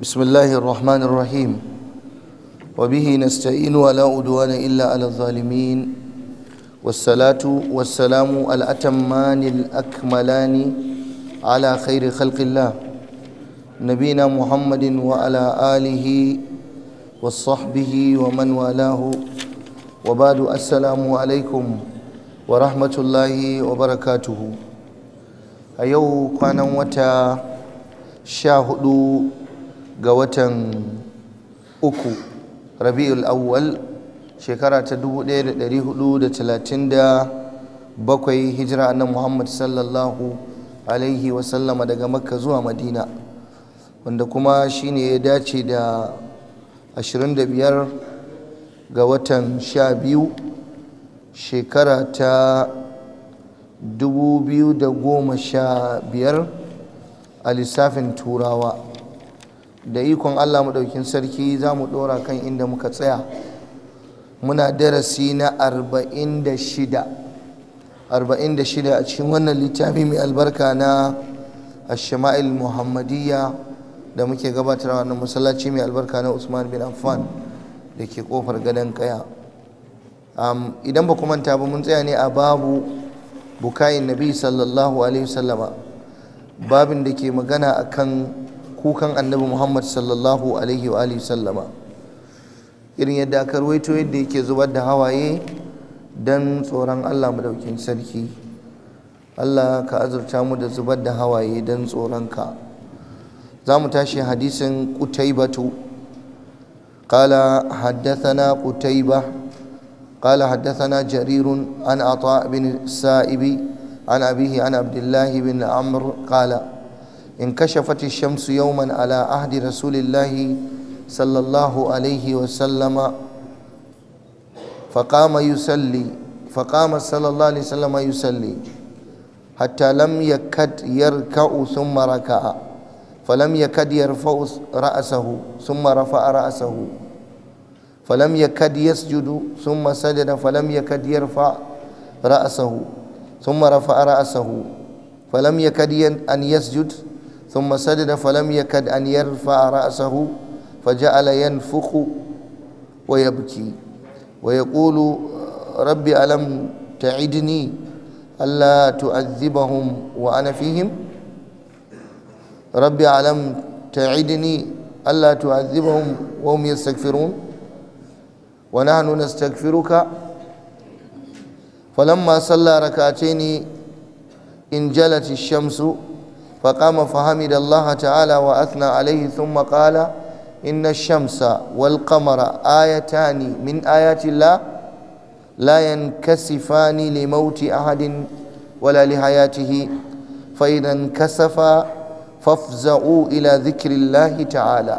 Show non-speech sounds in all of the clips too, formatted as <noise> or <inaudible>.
بسم الله الرحمن الرحيم وبه نستعين ولا عدوان إلا على الظالمين والصلاة والسلام الأتمان الأكملان على خير خلق الله نبينا محمد وعلى آله وصحبه ومن والاه وبعد السلام عليكم ورحمة الله وبركاته a yau kwanan wata sha hudu ga watan uku rabi'ul awwal shekara ta 1437 hijira annan muhammad sallallahu alaihi wasallama daga makka zuwa madina wanda kuma shine ya dace da 25 ga watan 12 shekara ta 2015 a lissafin turawa da ikon Allah mu maɗaukin sarki za mu ɗora kan inda muka tsaya muna darasi na 46 shida a cikin wannan littafi mai albarka na ashima'il muhammadiyya da muke gabatar na masallaci mai albarka na usman bin affan da ke kofar gadon kaya idan ba manta ba mun tsaya ne a babu bukayin nabi sallallahu alaihi wasallama babin da ke magana akan kukan annabi muhammad sallallahu alaihi wa sallama irin yadda aka ruwaito yadda yake zubar da hawaye don tsoron allah madaukin sarki allah ka azurta mu da zubar da hawaye don tsoronka za mu tashi hadisin kutaibatu قال حدثنا قتيبة قال حدثنا جرير عن عطاء بن السائب عن أبيه عن عبد الله بن عمرو قال in fatin shamsu yauman ala ahdi rasulillahi sallallahu alaihi wasallama faqama yusalli faqama sallallahu alaihi wasallama yusalli hatta lam yakad yarka'u thumma raka'a falam yakad yarfa'u ra'sahu thumma rafa'a ra'sahu falam yakad yasjudu thumma sajada falam yakad yarfa' ra'sahu thumma rafa'a ra'sahu falam yakad an yasjud ثم سجد فلم يكد أن يرفع رأسه فجعل ينفخ ويبكي ويقول رب ألم تعدني ألا تعذبهم وأنا فيهم رب ألم تعدني ألا تعذبهم وهم يستكفرون ونحن نستكفرك فلما صلى ركعتين انجلت الشمس فقام فحمد الله تعالى وأثنى عليه ثم قال إن الشمس والقمر آيتان من آيات الله لا ينكسفان لموت أحد ولا لحياته فإذا انكسفا فافزعوا إلى ذكر الله تعالى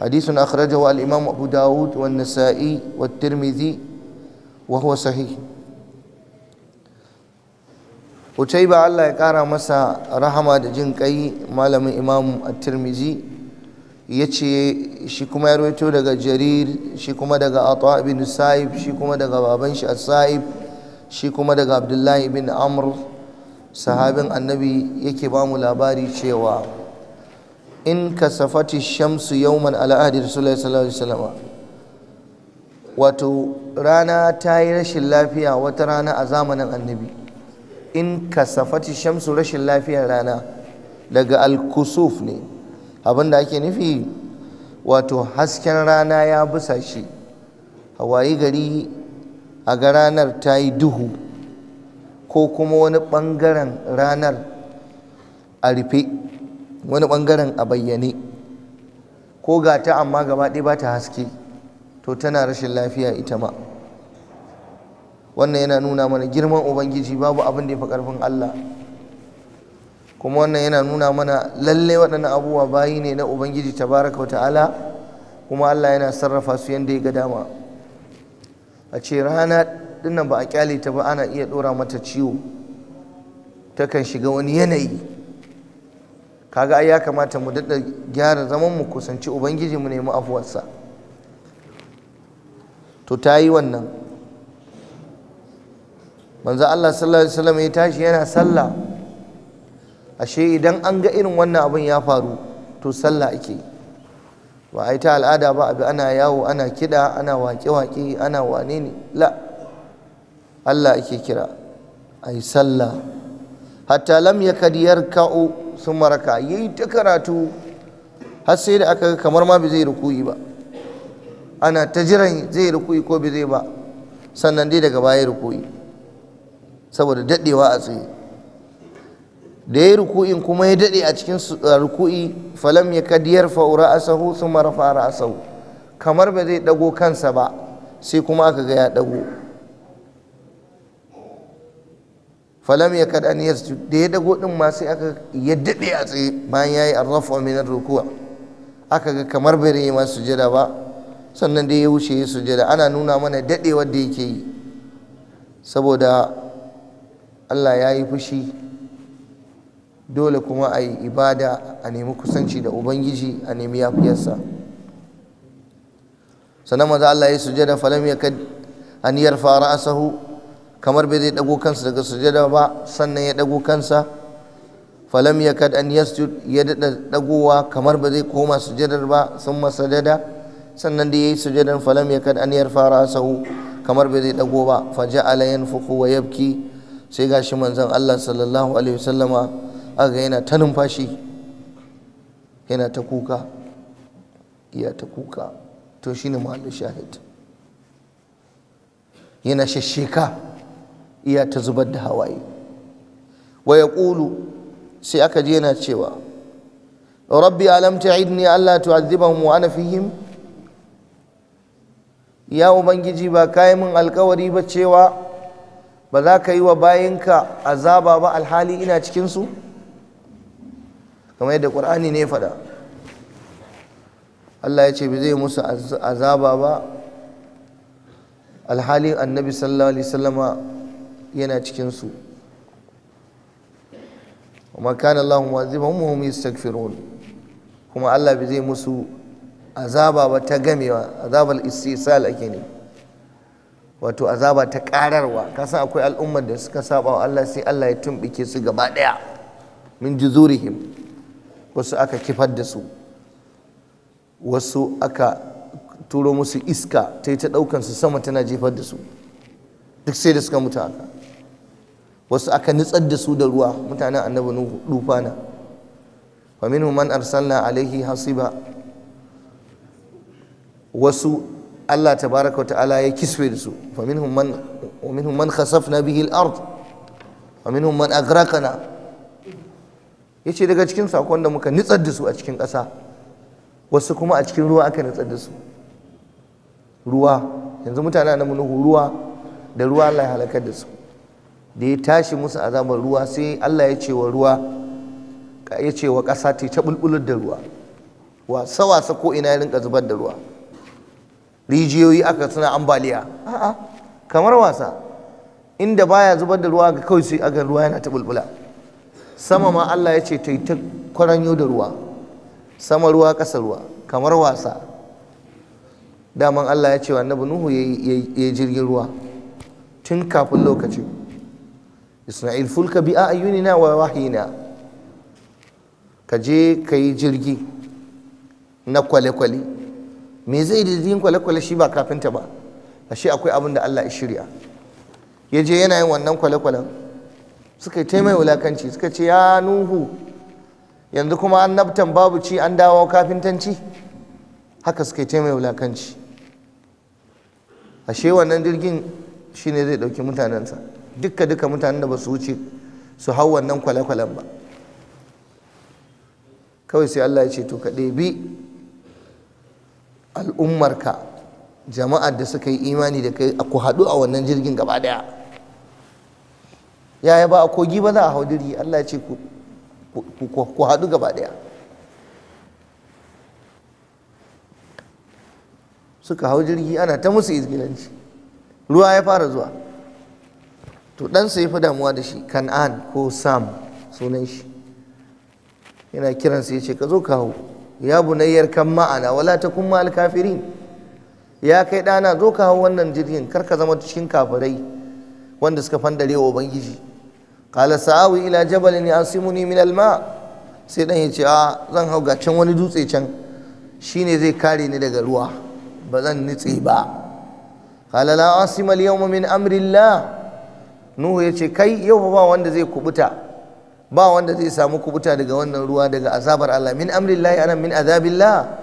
حديث أخرجه الإمام أبو داود والنسائي والترمذي وهو صحيح ba Allah ya kara masa rahama da jin kai malamin Imam at ya ce shi kuma ya rawaito daga Jarir shi kuma daga Atha ibn Sa'ib shi kuma daga baban shi As-Sa'ib shi kuma daga Abdullahi ibn Amr sahabin Annabi yake ba mu labari cewa in kasafati shamsu yawman ala ahdi Rasulullahi sallallahu alaihi wasallam wato rana ta yi rashin lafiya wata rana a zamanin Annabi in kasafati shamsu rashin lafiyar rana daga alkusuf ne abinda ake nufi wato hasken rana ya busa shi hawaye gari a ga ranar ta yi duhu ko kuma wani ɓangaren ranar a rufe wani bangaren a bayyane ko ga ta amma gaba ɗaya ba ta haske to tana rashin lafiya ita ma wannan yana nuna mana girman ubangiji babu abin da ya fi karfin Allah kuma wannan yana nuna mana lalle waɗannan abubuwa bayi ne na ubangiji tabaraka wa ta'ala kuma Allah yana sarrafa su yadda ya ga dama a ce rana dinnan ba a kyale ta ba ana iya ɗora mata ciwo takan shiga wani yanayi kaga ai ya kamata mu daɗa gyara zaman mu kusanci ubangiji mu nemi afuwarsa to ta yi wannan manzo Allah sallallahu alaihi wasallam ya tashi yana sallah ashe idan an ga irin wannan abin ya faru to sallah ake ba ai ta al'ada ba abi ana yawo ana kida ana waƙe-waƙe ana wane ne la Allah ake kira ai sallah hatta lam yakad yarka'u thumma raka yayi ta karatu har sai da aka kamar ma bai zai rukui ba ana ta jiran zai rukui ko bai zai ba sannan dai daga baya rukui saboda dadewa a tsaye da ya ruku'in kuma ya dade a cikin ruku'i falam ya kadiyar fa'ura asahu sun a ra'asahu kamar ba zai dago kansa ba sai kuma aka ga ya dago falam ya kad an da ya dago din ma sai aka ya dade a tsaye bayan yayi arrafa min ruku'a aka ga kamar bai yi masu sujada ba sannan dai ya wuce ya sujada ana nuna mana dadewar da yake yi saboda Allah ya yi fushi dole kuma a yi ibada a nemi kusanci da ubangiji a nemi yafiyarsa sannan maza Allah ya da falam ya kad aniyar fara asahu kamar bai zai dago kansa daga sujada ba sannan ya dago kansa falam ya kad an yasjud ya dada dagowa kamar ba zai koma sujadar ba sun masajada sannan da yayi sujadan falam ya kad an yarfa ra'sahu kamar bai zai dago ba fa ja'ala yanfuku wa yabki sai gashi manzon Allah sallallahu alaihi wasallama aga yana ta numfashi yana ta kuka iya ta kuka to shi ne mahallu shahid yana shasheka iya ta zubar da hawaye wa yaqulu sai aka je yana cewa rabbi alam ta'idni alla tu'adhibahum mu ana fihim ya ubangiji ba kai min alkawari ba cewa ba za ka yi wa bayinka azaba ba alhali ina cikinsu kamar yadda ƙur'ani ne faɗa Allah ya ce ba zai musu azaba ba alhalin annabi sallallahu alaihi wasallama yana cikinsu wa kana Allahu mu'azzibahum wa hum yastaghfirun kuma Allah ba zai musu azaba ba ta gamewa azabal istisal ake ne wato azaba ta ƙararwa kasan akwai al'ummar da suka saba wa Allah sai Allah ya tumbike su gaba ɗaya min juzurihim wasu aka kifar da su wasu aka turo musu iska ta yi ta daukan su sama tana jefar da su duk sai da suka mutu haka wasu aka nutsar da su da ruwa mutanen annabi nuhu dufana fa minhum man arsalna alaihi hasiba wasu Allah tabaraka wa ta'ala ya kiswe da su fa minhum man wa minhum man khasafna bihi al-ard wa minhum man aghraqna yace daga cikin sakon da muka nitsar da su a cikin ƙasa wasu kuma a cikin ruwa aka nitsar da su ruwa yanzu mutane na munuhu ruwa da ruwa Allah ya halakar da su da ya tashi musu azabar ruwa sai Allah ya ce wa ruwa ya ce wa ƙasa ta bulbular da ruwa wa wasa ko ina ya rinka zubar da ruwa rijiyoyi aka suna ambaliya a'a kamar wasa inda baya zubar da ruwa ga kawai sai aga ruwa yana ta bulbula sama ma Allah ya ce tai ta kwaranyo da ruwa sama ruwa kasa ruwa kamar wasa daman Allah ya ce wa annabi Nuhu ya yi jirgin ruwa tun kafin lokacin Isma'il fulka bi a'yunina wa wahina ka je ka yi jirgi na kwale-kwale me zai didin kwale-kwale shi ba kafinta ba ashe akwai abin da Allah ya shirya ya je yana yin wannan kwale-kwalen suka yi taimai wulakanci suka ce ya nuhu yanzu kuma an nabtan babu ci an dawo kafintanci haka suka yi taimai wulakanci ashe wannan jirgin shine zai ɗauki mutanensa dukka duka mutanen da ba su wuce su hau wannan kwale-kwalen ba kawai sai Allah ya ce to ka ɗebi al'ummarka jama'ar da suka yi imani da kai ku haɗu a wannan jirgin gaba ɗaya yaya ba a kogi ba za a hau jirgi Allah ya ce ku haɗu gaba ɗaya suka hau jirgi ana ta musu izgilanci ruwa ya fara zuwa to ɗansa ya fi damuwa da shi kan'an ko sam sunan shi yana kiransa ya ce ka zo ka hau ya bunayyar kan ma'ana wala ta kuma alkafirin. ya kai ɗana zo ka hau wannan jirgin kar ka zama cikin kafirai wanda suka fandare wa ubangiji qala sa'awi ila jabalin yasimuni min alma sai dan yace a zan hau ga can wani dutse can shine zai kare ni daga ruwa ba zan nitse ba qala la asima al yawma min amri allah nuhu yace kai yau ba wanda zai kubuta ba wanda zai samu kubuta daga wannan ruwa daga azabar Allah min amrillahi anan min azabillah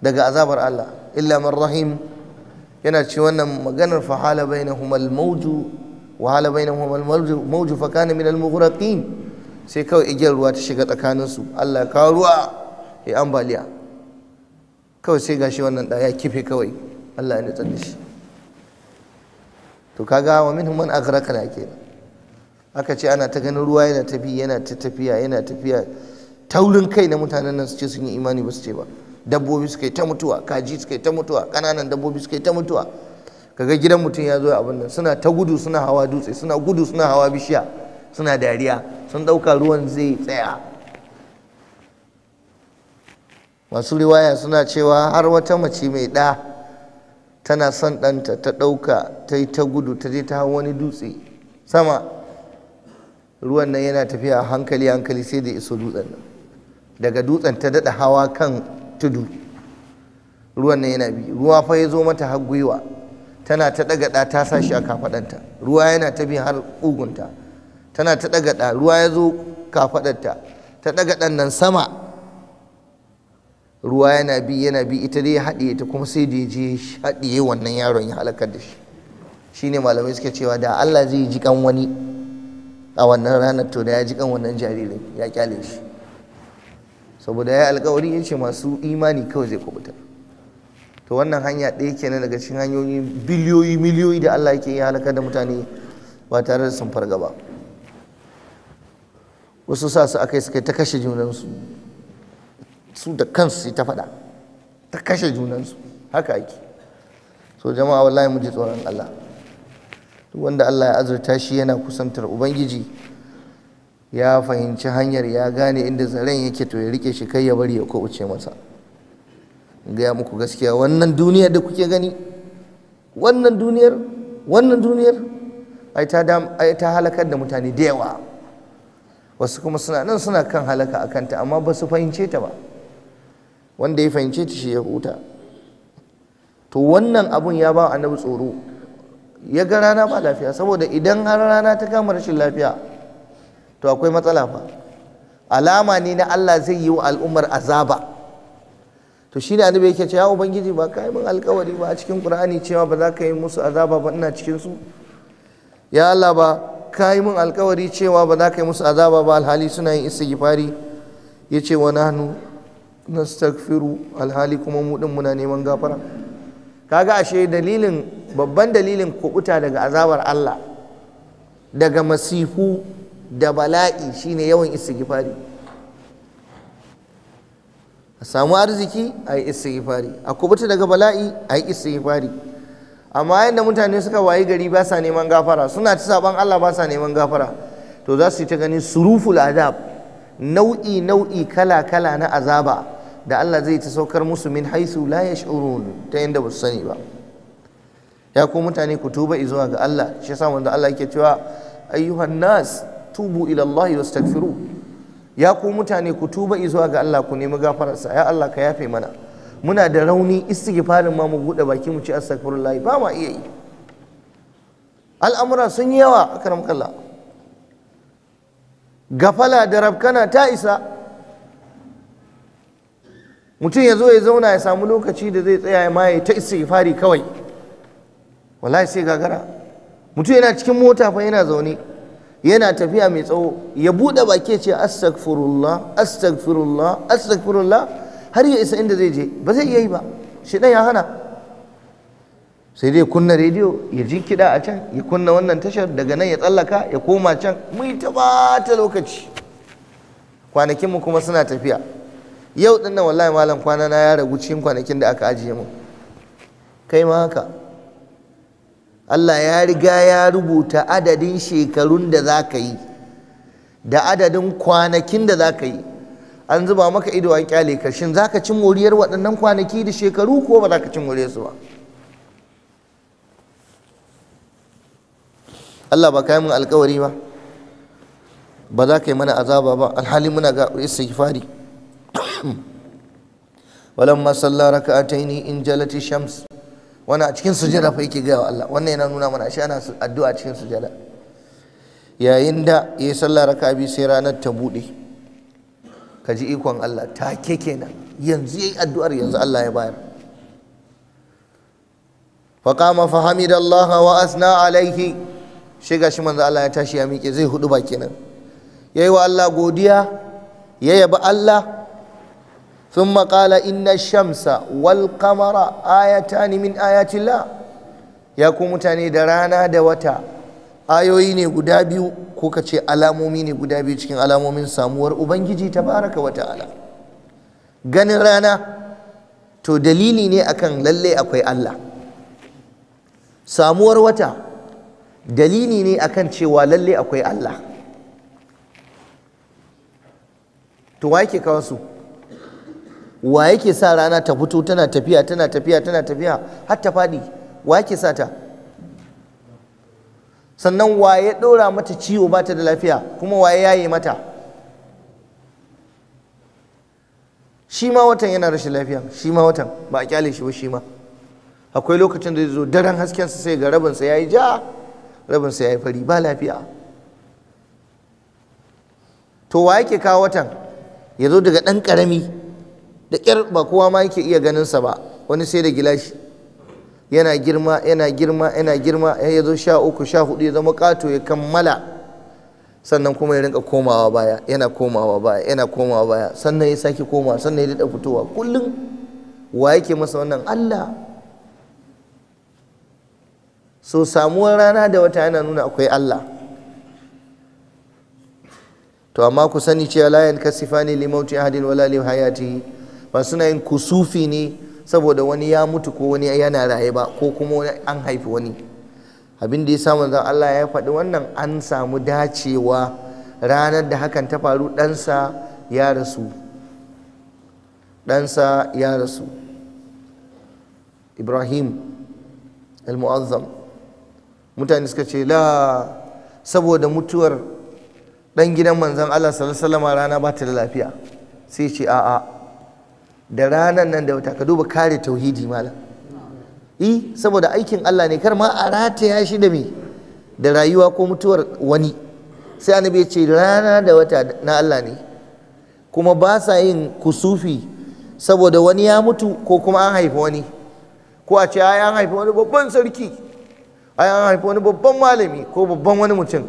daga azabar Allah illa man rahim yana ce wannan maganar fa hala bainahum al-mawju wa hala bainahum al-mawju fa kana min al-mughraqin sai kawai igiyar ruwa ta shiga tsakanin su Allah ka ruwa ya ambaliya kawai sai gashi wannan da ya kife kawai Allah ya nutsar da shi to kaga wa minhum man aghraqna kenan aka ce ana ta ganin ruwa yana tafi yana ta tafiya yana tafiya taurin kai na mutanen nan su ce sun yi imani ba su ce ba dabbobi suka yi ta mutuwa kaji suka yi ta mutuwa kananan dabbobi suka yi ta mutuwa kaga gidan mutum ya zo abin nan suna ta gudu suna hawa dutse suna gudu suna hawa bishiya suna dariya sun ɗauka ruwan zai tsaya masu riwaya suna cewa har wata mace mai ɗa tana son ɗanta ta ɗauka ta yi ta gudu ta je ta hau wani dutse sama ruwan nan yana tafiya a hankali hankali sai da iso dutsen nan daga dutsen ta daɗa hawa kan tudu ruwan nan yana bi ruwa fa ya zo mata har gwiwa tana ta ɗagaɗa ta sa shi a kafaɗanta ruwa yana ta har ƙugunta tana ta ɗagaɗa ruwa ya zo kafaɗanta ta ɗagaɗan nan sama ruwa yana bi yana bi ita dai ya haɗiye ta kuma sai da ya je haɗiye wannan yaron ya halakar da shi shine malamai suke cewa da Allah zai ji kan wani a wannan ranar to da ya ji kan wannan jaririn ya kyale shi saboda ya alkawari ya ce masu imani kawai zai kubuta to wannan hanya ɗaya kenan daga cikin hanyoyi biliyoyi miliyoyi da Allah yake halakar da mutane ba tare da sun farga ba wasu sa su akai suka ta kashe junansu su da kansu ta faɗa ta kashe junansu haka ake so jama'a wallahi mu ji tsoron Allah duk wanda Allah ya azurta shi yana kusantar ubangiji ya fahimci hanyar ya gane inda zaren yake to ya rike shi kai ya bari ya kubuce masa gaya muku gaskiya wannan duniyar da kuke gani wannan duniyar wannan duniyar ai ta halakar da mutane da yawa wasu kuma suna nan suna kan halaka a kanta amma ba su fahimce ta ba wanda ya fahimce ta shi ya huta to wannan abun ya ba annabi tsoro ya ga rana ba lafiya saboda idan har rana ta kama rashin lafiya to akwai matsala fa alama ne na Allah zai yi wa al'ummar azaba to shine annabi yake cewa ya ubangiji ba kai min alkawari ba a cikin qur'ani cewa ba za ka yi musu azaba ba ina cikin ya Allah ba kai min alkawari cewa ba za ka yi musu azaba ba alhali suna yin istighfari yace wa nahnu nastaghfiru alhali kuma mu din muna neman gafara kaga ashe dalilin babban dalilin kubuta daga azabar Allah daga masifu da bala'i shine yawan istighfari a samu arziki a yi istighfari a kubuta daga bala'i a yi istighfari amma yadda mutane suka wayi gari ba sa neman gafara suna ci saban Allah ba sa neman gafara to za su yi ta ganin suruful adab nau'i nau'i kala kala na azaba da Allah zai ta saukar musu min haisu la yash'urun ta yadda ba su sani ba ya ku mutane ku tuba zuwa ga Allah shi yasa Allah yake cewa ayyuhan nas tubu ila Allah wastaghfiru ya ku mutane ku tuba zuwa ga Allah ku nemi gafararsa ya Allah ka yafe mana muna da rauni istighfarin ma mu bude baki mu ci astaghfirullah ba ma iya yi al'amura sun yi yawa akram kalla gafala da rabkana ta isa mutum ya zo ya zauna ya samu lokaci da zai tsaya ya maye ta istighfari kawai wallahi sai gagara mutum yana cikin mota fa yana zaune yana tafiya mai tsawo ya buɗe baki ce astagfirullah astagfirullah astagfirullah har ya isa inda zai je ba zai iya yi ba shi ya hana sai dai kunna rediyo ya ji kiɗa a can ya kunna wannan tashar daga nan ya tsallaka ya koma can mai ta bata lokaci kwanakinmu kuma suna tafiya yau ɗin nan wallahi malam kwana na ya ragu cikin kwanakin da aka ajiye mu kai ma haka Allah ya riga ya rubuta adadin shekarun da za ka yi da adadin kwanakin da za ka yi an zuba maka ido an kyale ka shin za ka ci moriyar waɗannan kwanaki da shekaru ko ba za ka ci moriyar su ba Allah ba kai mun alkawari ba ba za ka yi mana azaba ba alhali muna ga istighfari <coughs> walamma salla ni in jalati shams wani a cikin sujada fa yake gaya wa Allah wannan yana nuna mana ashe ana addu'a cikin sujada yayin da yayi sallah raka'a biyu sai ranar ta bude ka ji ikon Allah take kenan yanzu yayi addu'ar yanzu Allah ya bayar faqama fa hamidallaha wa asna alaihi shi gashi manzo Allah ya tashi ya miƙe zai hudu ba kenan yayi wa Allah godiya ya yabi Allah ثم قال إن الشمس والقمر آيتان من آيات الله يا كومتاني درانا دوتا ayoyi ne guda biyu ko ka ce alamomi ne guda biyu cikin alamomin samuwar ubangiji tabaraka wa ta'ala ganin rana to dalili ne akan lalle akwai Allah samuwar wata dalili ne akan cewa lalle akwai Allah to wa yake kawo su wa yake sa rana ta fito tana tafiya tana tafiya tana tafiya har ta faɗi wa yake sa ta sannan wa ya ɗora mata ciwo ba ta da lafiya kuma wa ya yaye mata shi ma watan yana rashin lafiya shi ma watan ba a kyale shi ba shi ma akwai lokacin da zai zo daren haskensa sai ga rabinsa ya yi ja rabinsa ya yi fari ba lafiya to wa yake kawo watan ya zo daga ɗan ƙarami da kyar ba kowa ma yake iya ganin sa ba wani sai da gilashi yana girma yana girma yana girma ya yazo sha uku sha hudu ya zama ƙato ya kammala sannan kuma ya rinka komawa baya yana komawa baya yana komawa baya sannan ya sake koma sannan ya daɗa fitowa kullum wa yake masa wannan Allah so samuwar rana da wata yana nuna akwai Allah to amma ku sani cewa la yankasifani li limauti ahadin wala li hayatihi ba suna yin kusufi ne saboda wani ya mutu ko wani yana raye ba ko kuma an haifi wani abin da ya samu zan Allah ya faɗi wannan an samu dacewa ranar da hakan ta faru ɗansa ya rasu ɗansa ya rasu ibrahim al-mu'azzam mutane suka ce la saboda mutuwar ɗan gidan manzan Allah sallallahu alaihi rana ba ta da lafiya sai ce a'a da ranar nan da wata ka duba kare tauhidi malam i saboda aikin Allah ne kar ma a rataya shi da me da rayuwa ko mutuwar wani sai annabi ya ce rana da wata na Allah ne kuma ba sa yin kusufi saboda wani ya mutu ko kuma an haifi wani ko a ce ai an haifi wani babban sarki ai an haifi wani babban malami ko babban wani mutum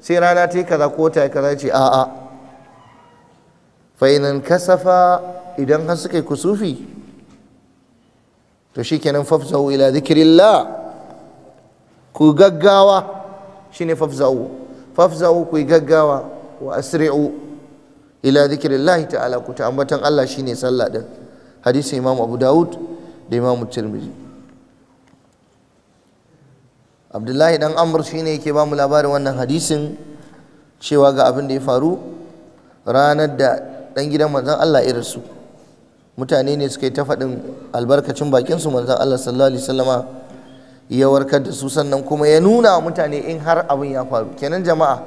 sai rana ta yi kaza ko ta yi kaza ce a'a fa'inan kasafa idan har suka yi kusufi to shi kenan fafzau ila zikirillah ku gaggawa shi ne fafzau fafzau ku gaggawa wa asri'u ila zikirillahi ta'ala ku ta ambatan Allah shi ne sallah ɗin hadisi imam abu daud da imam tirmidhi abdullahi dan amr shi ne yake ba mu labarin wannan hadisin cewa ga abin da ya faru ranar da dan gidan manzon Allah irin su mutane ne suka yi ta faɗin albarkacin bakin su manzon Allah sallallahu alaihi wasallama ya warkar da su sannan kuma ya nuna wa mutane in har abin ya faru kenan jama'a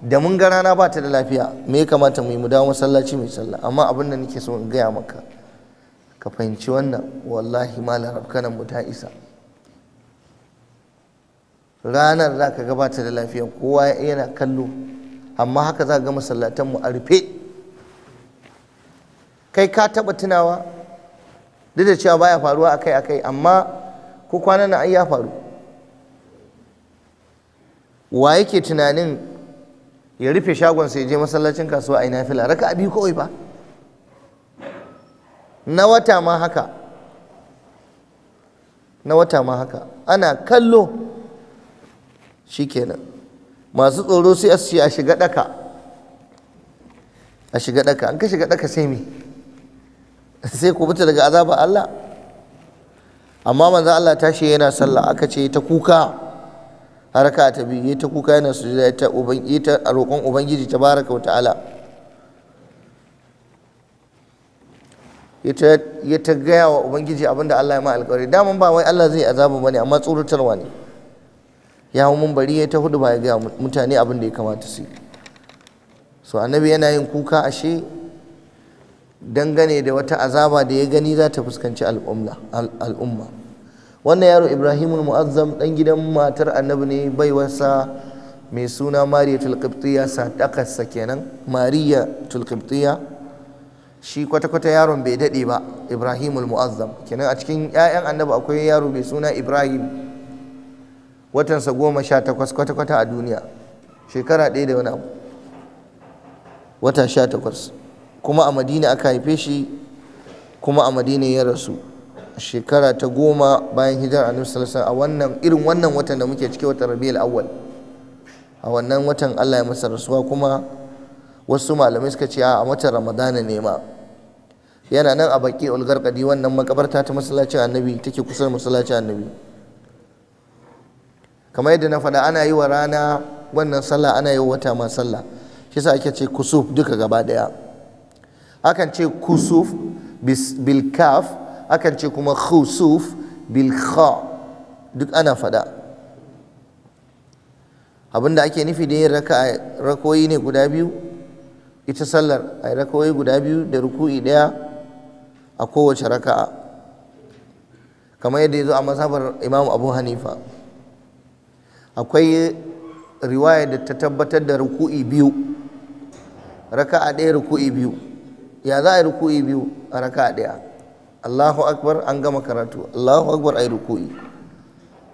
da mun ga rana ba ta da lafiya me ya kamata mu yi mu dawo masallaci mai sallah amma abin da nake so in gaya maka ka fahimci wannan wallahi malam rabkanan mu ta isa ranar za ka gabata da lafiya kowa yana kallo amma haka za ga masallatan mu a rufe kai ka taɓa tunawa duk da cewa baya faruwa akai akai amma ko kwanan na ai ya faru wa yake tunanin ya rufe shagon sai je masallacin kasuwa ai nafila raka biyu kawai ba na wata ma haka na wata ma haka ana kallo shikenan masu tsoro sai a shiga daka a shiga daka an ka shiga daka sai me <laughs> sai ku fita daga azabar Allah amma manzo Allah tashi yana sallah aka ce ta kuka haraka ta biyu ta kuka yana sujuda ta ubangi ta roƙon ubangiji tabaraka wa ta'ala ya ta gaya wa ubangiji abinda Allah ya ma alƙawari daman ba wai Allah zai azaba bane amma tsoratarwa ne ya mun bari ya ta hudu ba ya gaya mutane abin da ya kamata su yi so annabi yana yin kuka ashe dangane da wata azaba da ya gani za ta fuskanci al'umma wannan yaro ibrahimul mu'azzam dan gidan matar annabi ne baiwarsa mai suna mariya tulkiptiya sadakarsa kenan mariya tulkiptiya shi kwata-kwata yaron bai daɗe ba ibrahimul mu'azzam kenan a cikin 'ya'yan annabi akwai yaro mai suna ibrahim watansa goma sha takwas kwata-kwata a duniya shekara ɗaya da wani abu wata sha takwas kuma a madina aka haife shi kuma a madina ya rasu shekara ta goma bayan hijar annabi sallallahu a wannan irin wannan watan da muke cike watan rabiul awwal a wannan watan Allah ya masa rasuwa kuma wasu malamai suka ce a watan ramadana ne ma yana nan a baki ulgarkadi wannan makabarta ta masallacin annabi take kusa da masallacin annabi kamar yadda na faɗa ana yi wa rana wannan sallah ana yi wa wata ma sallah shi sa ake ce kusuf duka gaba daya akan ce kusuf bil kaf akan ce kuma khusuf bil kha duk ana faɗa abinda ake nufi da yin rakoyi ne guda biyu ita sallar a rakoyi guda biyu da ruku'i ɗaya a kowace raka'a kamar yadda ya zo a mazhabar imam abu hanifa akwai riwaya da ta tabbatar da ruku'i biyu raka'a ɗaya ruku'i biyu ya za a yi ruku'i biyu a raka ɗaya Allahu akbar an gama karatu Allahu akbar a yi ruku'i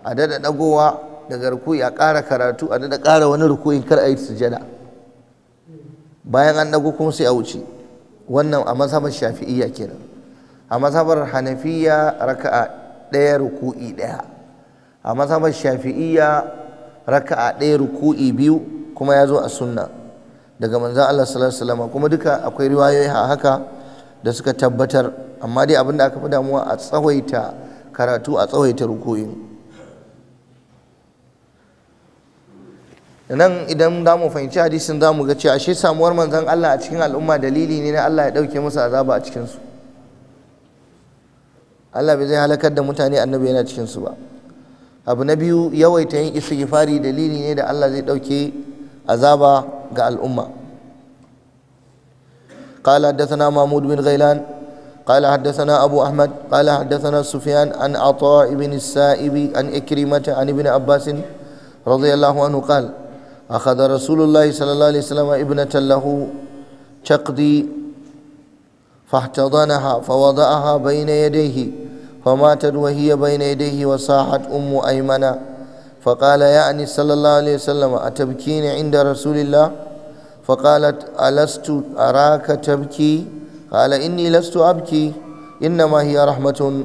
a dada dagowa daga ruku'i a ƙara karatu a dada ƙara wani ruku'i kar a yi sujada bayan an dago kuma sai a wuce wannan a mazhabar shafi'iyya kenan a mazhabar hanafiya raka'a ɗaya ruku'i ɗaya a mazhabar shafi'iyya raka'a ɗaya ruku'i biyu kuma ya zo a sunna daga manzan Allah sallallahu alaihi wasallam kuma duka akwai riwayoyi a haka da suka tabbatar amma dai abin da aka fi damuwa a tsawaita karatu a tsawaita rukuyin nan idan za mu fahimci hadisin za mu ga cewa ashe samuwar manzan Allah a cikin al'umma dalili ne na Allah ya ɗauke musu azaba a cikinsu Allah bai zai halakar da mutane annabi yana cikinsu ba abu na biyu yawaita yin istighfari dalili ne da Allah zai ɗauke azaba ga al'umma قال حدثنا محمود بن غيلان قال حدثنا أبو أحمد قال حدثنا سفيان عن عطاء بن السائب عن إكرمة عن ابن عباس رضي الله عنه قال أخذ رسول الله صلى الله عليه وسلم ابنة له تقضي فاحتضنها فوضعها بين يديه فماتت وهي بين يديه وصاحت أم أيمنه فقال يعني صلى الله عليه وسلم أتبكين عند رسول الله فقالت ألست أراك تبكي قال إني لست أبكي إنما هي رحمة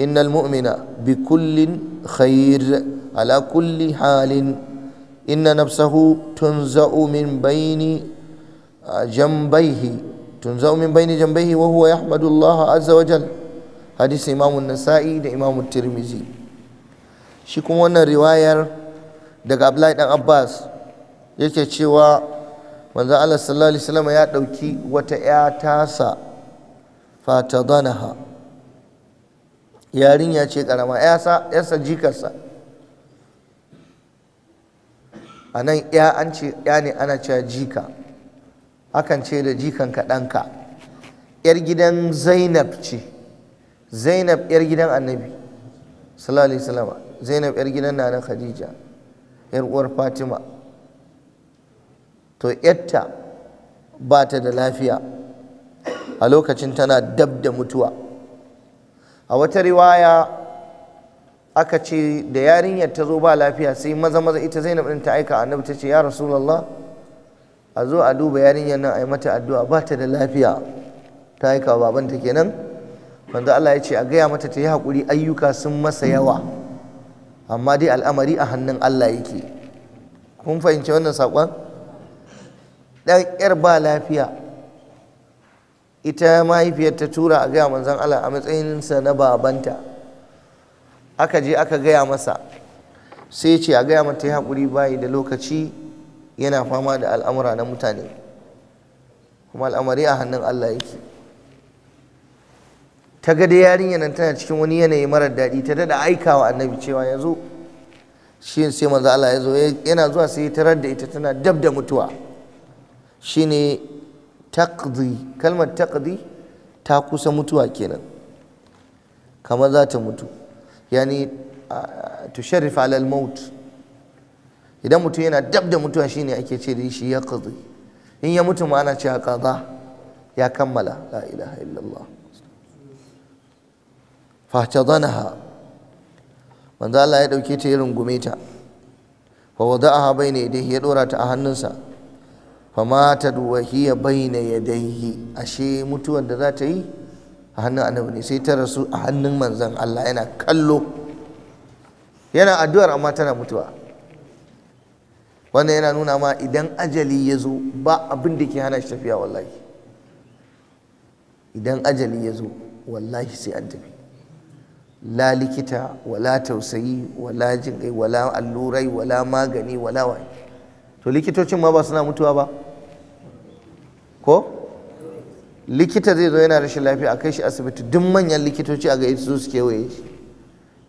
إن المؤمن بكل خير على كل حال إن نفسه تنزأ من بين جنبيه تنزأ من بين جنبيه وهو يحمد الله عز وجل حديث إمام النسائي لإمام الترمذي shi kuma wannan riwayar daga Abdullahi dan Abbas yake cewa manzon Allah sallallahu alaihi wasallam ya dauki wata ya tasa fatadanaha ya ce karama ya sa jikarsa a nan ya an ce ya ne ana cewa jika akan ce da jikan ɗanka yar gidan zainab ce zainab yar gidan annabi sallallahu alaihi wasallam zainab yar gidan nana khadija yar uwar fatima to yatta ba ta da lafiya a lokacin tana dab da mutuwa a wata riwaya aka ce da yarinyar ta zo ba lafiya sai maza maza ita zainab ɗin ta aika annabi ta ce ya rasulallah a zo a duba yarinyar nan a yi mata addu'a ba ta da lafiya ta aika wa babanta kenan wanda Allah ya ce a gaya mata ta yi hakuri ayyuka sun masa yawa amma dai al'amari a hannun Allah yake kun fahimci wannan saƙon ɗan ba lafiya ita mahaifiyar ta tura a gaya manzan Allah a sa na babanta aka je aka gaya masa sai ce a gaya mata ya haƙuri bayi da lokaci yana fama da al'amura na mutane kuma al'amari a hannun Allah yake ta ga da yarinya nan tana cikin wani yanayi marar daɗi ta dada aikawa annabi cewa ya zo shi sai manzo Allah ya zo yana zuwa sai ya tarar da ita tana dab da mutuwa shine taqdi kalmar taqdi ta kusa mutuwa kenan kamar za ta mutu yani to ala alal maut idan mutum yana dab da mutuwa shine ake ce da shi ya in ya mutu ma ana cewa kaza ya kammala la ilaha illallah fahtadanaha manzo Allah ya dauke ta irin gume ta fa wada'aha bayna yadayhi ya dora ta a hannunsa fa mata duwa hiya bayna yadayhi ashe mutuwar da za ta yi a hannun annabi ne sai ta rasu a hannun manzon Allah yana kallo yana addu'ar amma tana mutuwa wannan yana nuna ma idan ajali ya zo ba abin da ke hana shi tafiya wallahi idan ajali ya zo wallahi sai an tafi la likita wala tausayi wala jingai wala allurai wala magani wala wani to likitocin ma ba suna mutuwa ba ko likita zai zo yana rashin lafiya a kai shi asibiti duk manyan likitoci a ga su su waye. shi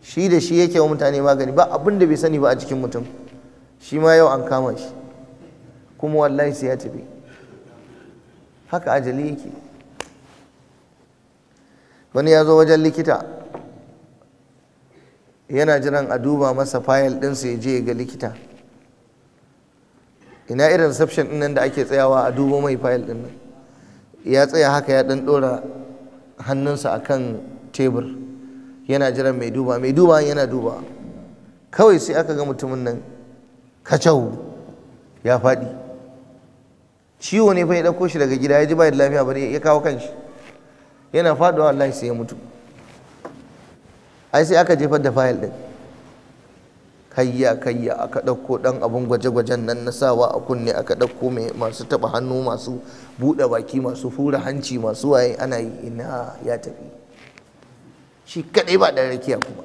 shi da shi yake wa mutane magani ba abin da bai sani ba a jikin mutum shi ma yau an kama shi kuma wallahi sai ya tafi haka ajali yake wani ya zo wajen likita yana jiran a duba masa fayil ɗinsa ya je ga likita ina irin reception ɗin nan da ake tsayawa a dubo mai fayil ɗin nan ya tsaya haka ya ɗan ɗora hannunsa a kan tebur yana jiran mai duba mai duba yana duba kawai sai aka ga mutumin nan kacau ya faɗi ciwo ne fa ya ɗauko shi daga gida ya ji ba da lafiya ba ya kawo kanshi yana faɗuwa wallahi sai ya mutu ai sai aka jefar da fayil ɗin kayya kayya aka ɗauko ɗan abun gwaje-gwajen nan na sawa a kunne aka ɗauko mai masu taɓa hannu masu buɗe baki masu fura hanci masu waye ana yi ina ya tafi shi kaɗai ba ɗan rakiya kuma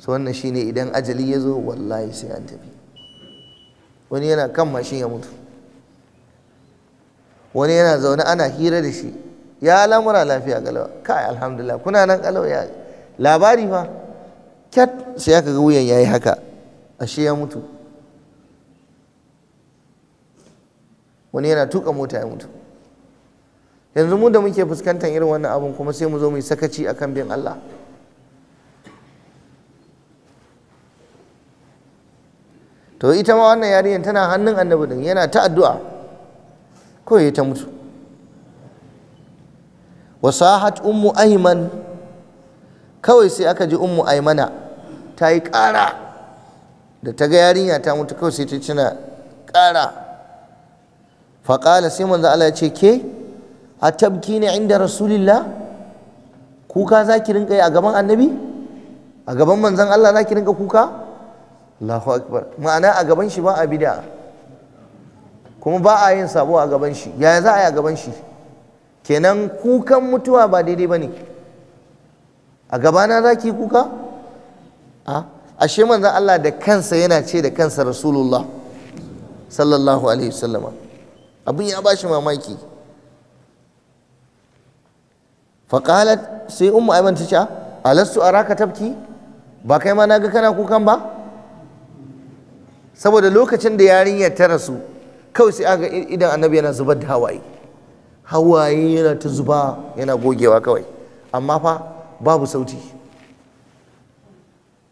su wannan shi ne idan ajali ya zo wallahi sai an tafi wani yana kan mashin ya mutu wani yana zaune ana hira da shi ya lamura lafiya galawa kai alhamdulillah kuna nan galawa ya labari fa kyat sai aka ga wuyan yayi haka ashe ya mutu wani yana tuka mota ya mutu yanzu mu da muke fuskantar irin wannan abun kuma sai mu zo mu yi sakaci akan bin Allah to ita ma wannan yarinyar tana hannun annabi din yana ta addu'a kawai ta mutu wasahat ummu ayman kawai sai aka ji ummu aimana ta yi ƙara da ta ga yarinya ta mutu kawai sai ta cina ƙara faƙala sai manzo Allah ya ce ke a tabki ne inda rasulillah kuka za ki rinka yi a gaban annabi a gaban manzon Allah za ki rinka kuka Allahu akbar ma'ana a gaban shi ba a bida kuma ba a yin sabo a gaban shi yaya za a yi a gaban shi kenan kukan mutuwa ba daidai ba ne a gabana za ki kuka a ashe manzon Allah da kansa yana ce da kansa rasulullah sallallahu alaihi wasallama abin ya bashi mamaki faƙalat sai ummu aiman ta ce alastu araka tabki ba kai ma na ga kana kukan ba saboda lokacin da yarinyar ta rasu kawai sai aga idan annabi yana zubar da hawaye hawaye yana ta zuba yana gogewa kawai amma fa babu sauti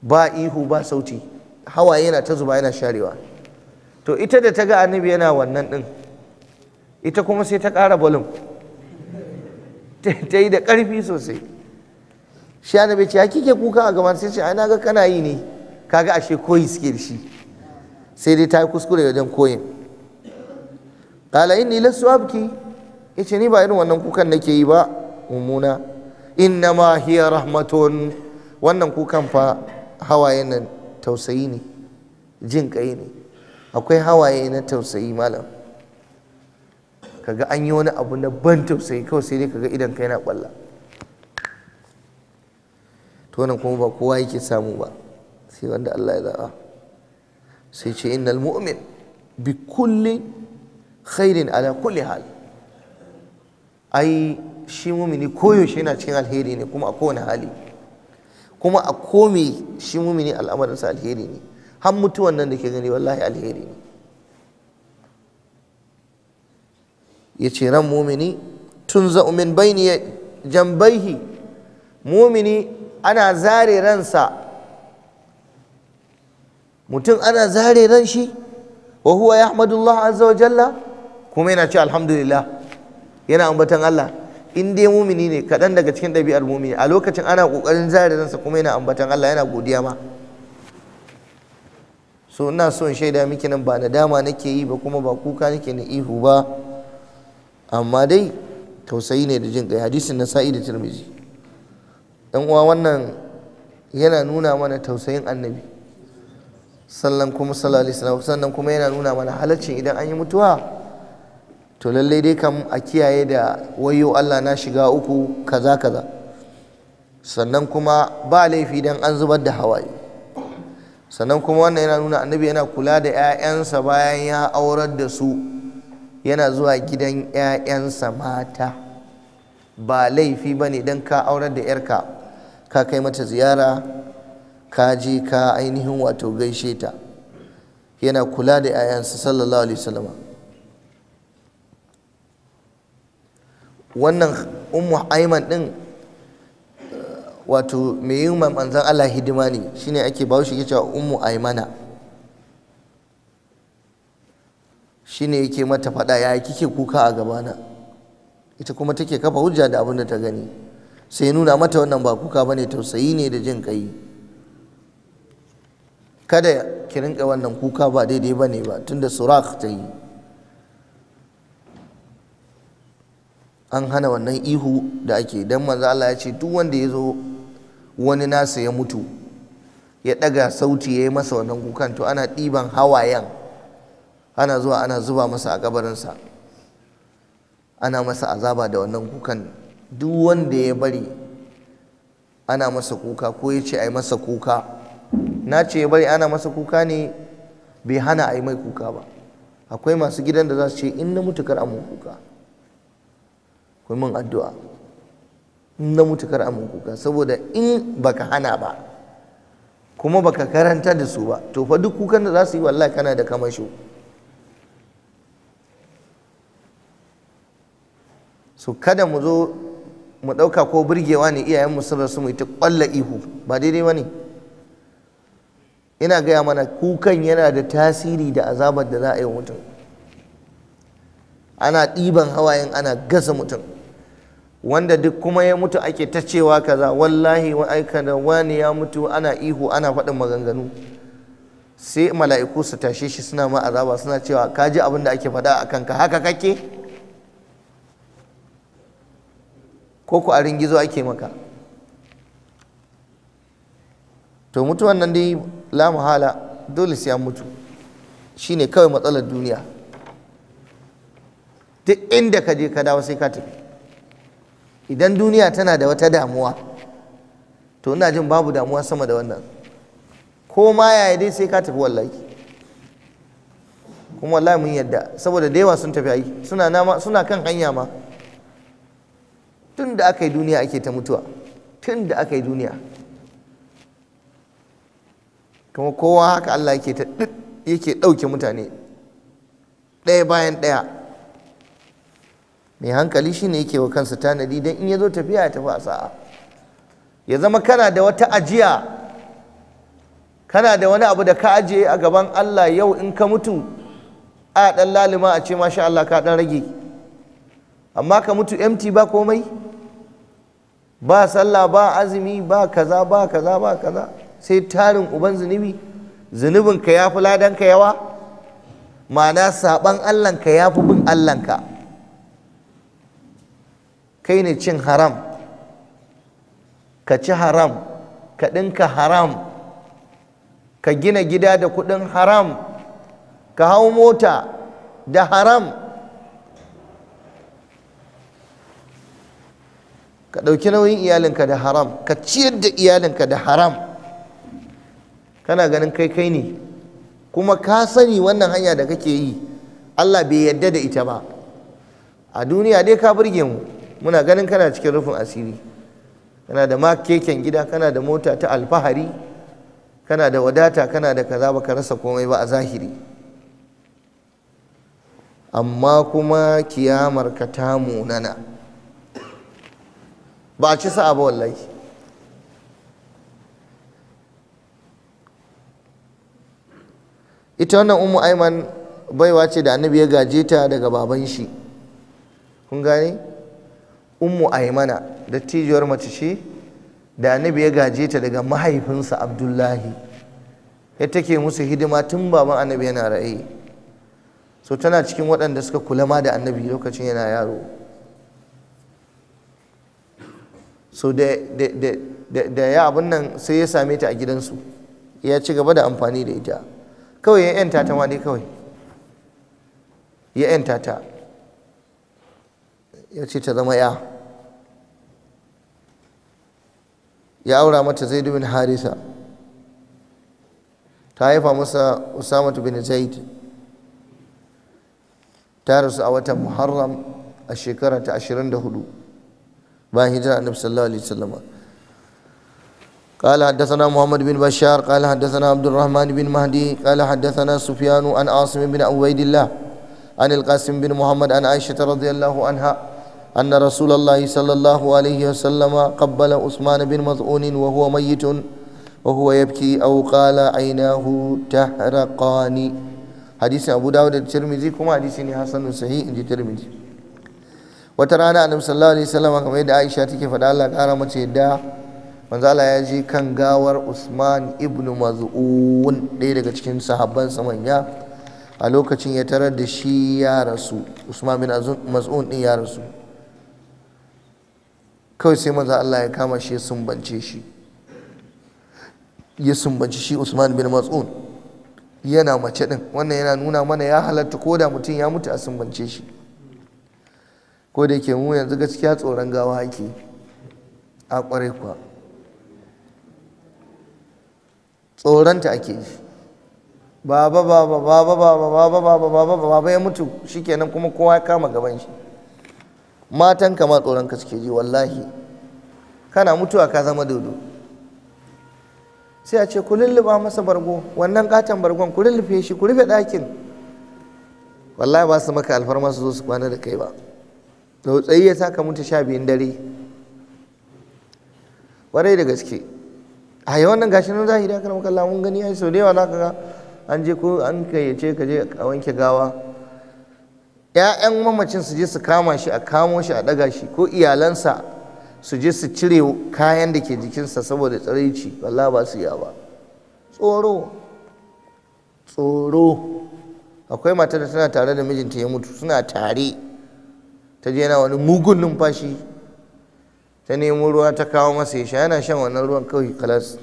ba ihu ba sauti hawaye yana ta zuba yana sharewa to ita da ta ga annabi yana wannan din ita kuma sai ta ƙara bolum ta yi da ƙarfi sosai shi annabi ce ya kike kuka a gaban sai ce ai na ga kana yi ne kaga ashe koyi suke da shi sai dai ta yi kuskure wajen koyin qala inni lasu abki yace ni ba irin wannan kukan nake yi ba mummuna innama hiya rahmatun wannan kukan fa hawaye na tausayi ne jin kai ne akwai hawaye na tausayi malam kaga an yi wani abu na ban tausayi kawai sai dai kaga idan kai na balla to wannan kuma ba kowa yake samu ba sai wanda Allah ya sai ce innal mu'min bi kulli khairin ala kulli hal ai shi mumini koyaushe yana cikin alheri ne kuma a kowane hali kuma a komi shi mumini al'amarinsa alheri ne har mutuwan nan da ke gani wallahi alheri ne ya ce ran mumini tun za'umin baini ya jambaihi mumini ana zare ransa mutum ana zare ran shi wa huwa ya azza wa jalla kuma yana ce alhamdulillah yana ambatan Allah in dai mumini ne kaɗan daga cikin ɗabi'ar mumini a lokacin ana ƙoƙarin zare ransa kuma yana ambatan Allah yana godiya ma so ina son shaida miki nan ba nadama nake yi ba kuma ba kuka nake na ihu ba amma dai tausayi ne da jin ƙai hadisin sa'i da tirmizi Ɗan uwa wannan yana nuna mana tausayin annabi sallan kuma sallallahu alaihi wasallam sannan kuma yana nuna mana halaccin idan an yi mutuwa to lallai dai kam a kiyaye da wayo Allah na shiga uku kaza kaza sannan kuma ba laifi dan an zubar da hawaye sannan kuma wannan yana nuna annabi yana kula da 'ya'yansa bayan ya aurar da su yana zuwa gidan 'ya'yansa mata ba laifi ba ne don ka aurar da 'yarka ka kai mata ziyara ka je ka ainihin wato gaishe ta yana kula da 'ya'yansa sallallahu alaihi wasallam wannan ummu aiman din eh, wato mai yin manzan Allah hidima ne shine ake kica, shi cewa ummu aimana shine yake mata faɗa ya kike kuka a gabana ita kuma take kafa hujja da abin da ta gani sai nuna mata wannan ba kuka bane tausayi ne da jin kai kada ki rinka wannan kuka ba daidai bane ba tunda surak ta yi an hana wannan ihu da ake dan manzo Allah ya ce duk wanda ya zo wani nasa ya mutu ya daga sauti ya yi masa wannan kukan to ana ɗiban hawayen ana zuwa ana zuba masa a kabarinsa ana masa azaba da wannan kukan duk wanda ya bari ana masa kuka ko ya ce a yi masa kuka na ce ya bari ana masa kuka ne bai hana a yi mai kuka ba akwai masu gidan da za su ce in na mutu kar a mun kuka ku min addu'a na mutu kar amin kuka saboda in baka hana ba kuma baka karanta da su ba to fa duk kukan da za su yi wallahi kana da kamasho su kada mu zo mu ɗauka ko birgewa ne mu sun rasu mu ita ƙwalla ihu ba daidai ba ina gaya mana kukan yana da tasiri da azabar da za a yi mutum ana ɗiban hawayen ana gasa mutum wanda duk kuma ya mutu ake ta cewa kaza wallahi wa aika da wani ya mutu ana ihu ana faɗin maganganu sai mala'iku su tashe shi suna ma azaba suna cewa ka ji abin da ake faɗa a kanka haka kake ko ku a ringizo ake maka to mutuwan nan dai la muhala dole sai ya mutu shine kawai matsalar duniya duk inda ka je ka dawo sai ka tafi idan duniya tana da wata damuwa to ina jin babu damuwa sama da wannan ko ma yaya dai sai ka tafi wallahi kuma wallahi mun yadda saboda da yawa sun tafi ai suna nama suna kan hanya ma tun da aka yi duniya ake ta mutuwa tun da aka yi duniya kuma kowa haka Allah yake ta yake ɗauke mutane ɗaya bayan ɗaya mai hankali shine yake wa kansa tanadi don in ya zo tafiya ya tafi a sa'a ya zama kana da wata ajiya kana da wani abu da ka ajiye a gaban Allah yau in ka mutu a ɗan lalima a ce masha Allah ka ɗan rage amma ka mutu empty ba komai ba sallah ba azumi ba kaza ba kaza ba kaza sai tarin uban zunubi Zunubin ka ya fi ka yawa ma'ana saban allahnka ya fi bin allahnka kai ne cin haram ka ci haram ka ɗinka haram ka gina gida da kuɗin haram ka hau mota da haram ka ɗauki nauyin iyalinka da haram ka ciyar da iyalinka da haram kana ganin kai kai ne kuma ka sani wannan hanya da kake yi Allah bai yadda da ita ba a duniya dai ka burge mu muna ganin kana cikin rufin asiri kana da ma keken gida kana da mota ta alfahari kana da wadata kana da kaza baka rasa komai ba a zahiri amma kuma kiyamar ka ta munana ba a ci sa'a ba wallahi ita wannan umu aiman baiwa ce da annabi ya gaje ta daga baban shi kun gane ummu aimana dattijuwar mace ce da annabi ya gaje ta daga mahaifinsa abdullahi ya take musu hidima tun baban annabi yana ra'ayi so tana cikin waɗanda suka kula ma da annabi lokacin yana yaro so da ya abin nan sai ya same ta a gidansu ya ci gaba da amfani da ita kawai ya yanta ta ma dai kawai ya yanta ta ya ce ta zama ya ya aura mata zaid bin harisa ta haifa masa usama bin zaid ta rasu a watan muharram a shekara ta 24 bayan hijira annabi sallallahu alaihi wasallam قال حدثنا محمد بن بشار قال حدثنا عبد الرحمن بن مهدي قال حدثنا سفيان عن عاصم بن عبيد الله عن القاسم بن محمد عن عائشة رضي الله عنها أن رسول الله صلى الله عليه وسلم قبل عثمان بن مظعون وهو ميت وهو يبكي أو قال عيناه تحرقان حديث أبو داود الترمذي كما حديث حسن صحيح عند الترمذي وترانا أن صلى الله عليه وسلم كما يدعى عائشة كيف الله قال متى يدعى من زال يجي كان غاور عثمان Usman مظعون Maz'un ɗaya daga cikin sahabban manya a lokacin ya tarar da shi ya rasu Usman bin Maz'un din ya rasu kawai sai maza Allah ya kama shi ya sumbance shi ya sumbanci shi Usman bin Mas'ud yana mace din wannan yana nuna mana ya halatta ko da mutum ya mutu a sumbance shi ko da yake mu yanzu gaskiya tsoron gawa ake a kwarai kuwa tsoronta ake yi baba baba baba baba baba baba baba ya mutu shikenan kuma kowa ya kama gaban shi matan kama tsoron ka suke ji wallahi kana mutuwa ka zama dodo sai a ce ku lulluba masa bargo wannan katon bargon ku lullufe shi ku rufe ɗakin wallahi ba su maka alfarma su zo su kwana da kai ba tsautsayi ya saka mutu sha biyun dare warai da gaske a yi wannan gashi nan zahiri aka ramaka mun gani yi sau da yawa za ka ga an je ko an kayyace ka je a wanke gawa 'ya'yan mamacin su je su kama shi a kamo shi a daga shi ko iyalansa su je su cire kayan da ke jikinsa saboda tsiraici wallah ba su iya ba tsoro tsoro akwai matar da tana tare da mijinta ya mutu suna tare ta je yana wani mugun numfashi ta nemo ruwa ta kawo masa ya sha yana shan wannan ruwan kawai kalas